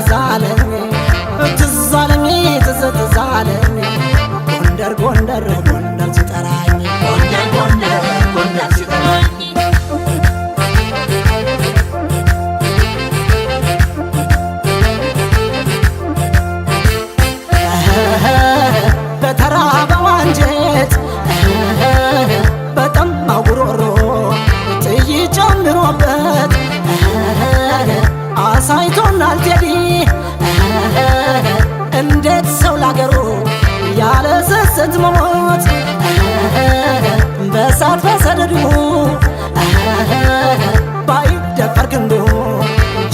ይበዛል ትመሞት በሳት በሰደዱ ባይደፈር ክንዱ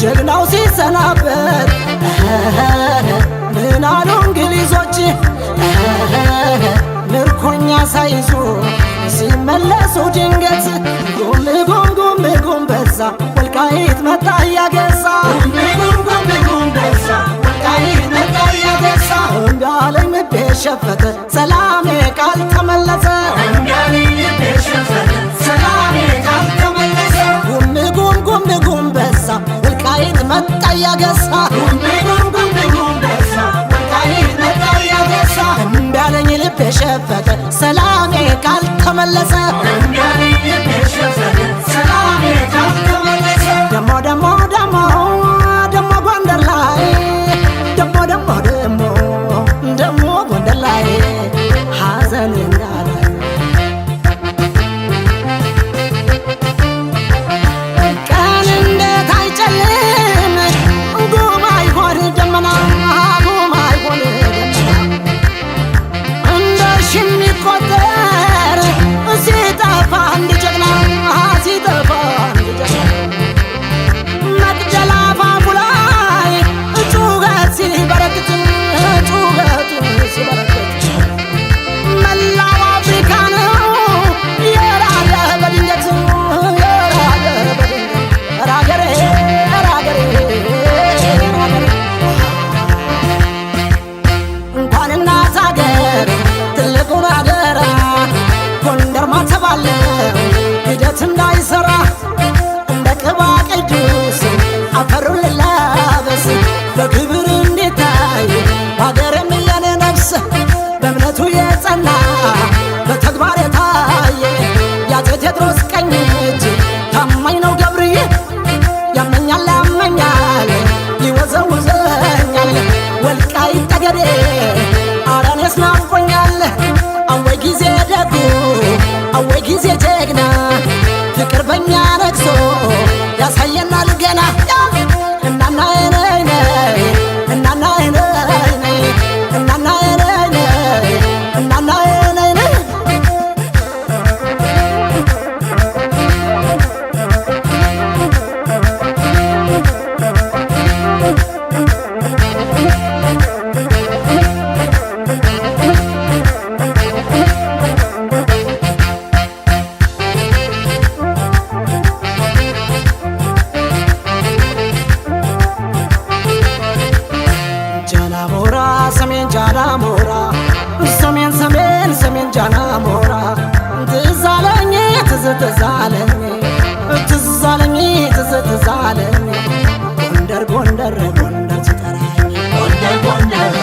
ጀግናው ሲሰናበት ምን አሉ እንግሊዞች ምርኮኛ ሳይዙ ሲመለሱ ድንገት ጉም ጉም ጉም ጉም በዛ ወልቃይት መጣ ተሸፈተ ሰላሜ ቃል ተመለሰ ሰላሜ ጉም ተመለሰ ጉምጉም ጉምጉም በሳ እልቃይት መጣ እያገሳ እምቢ አለኝ ልብ የሸፈተ ሰላሜ ቃል ተመለሰ አወይ ጊዜ ጀግና ፍቅር በእኛ ነግሶ ያሳየናል ገና ትዛለኝ ትዝ ትዛለኝ ጎንደር ጎንደር ጎንደር ትጠራኝ ጎንደር ጎንደር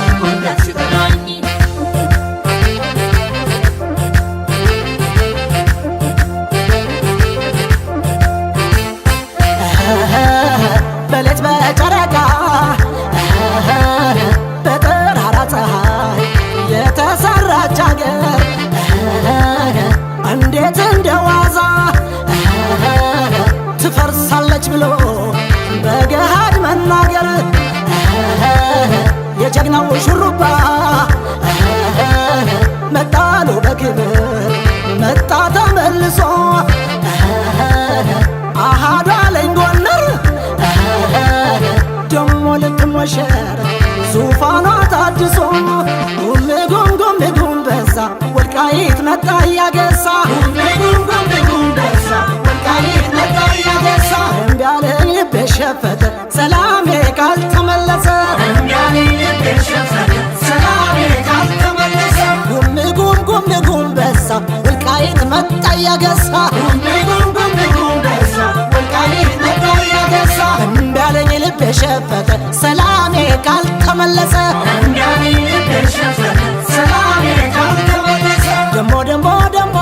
ጀግናው ሹሩባ መጣሉ በክብር መጣ ተመልሶ አሃዷ ላይ ጎንደር ደሞ ልትሞሸር ዙፋኗ ታድሶ ጉም ጉም ጉም ወልቃይት መጣ እያገሳ ጉም ጉም ጉም ወልቃይት መጣ እያገሳ እምቢ አለኝ ልቤ ሸፈተ መጣ ያገሳ እንዳለኝ ልብ የሸፈተ ሰላሜ ካልተመለሰ ደሞ ደሞ ደሞ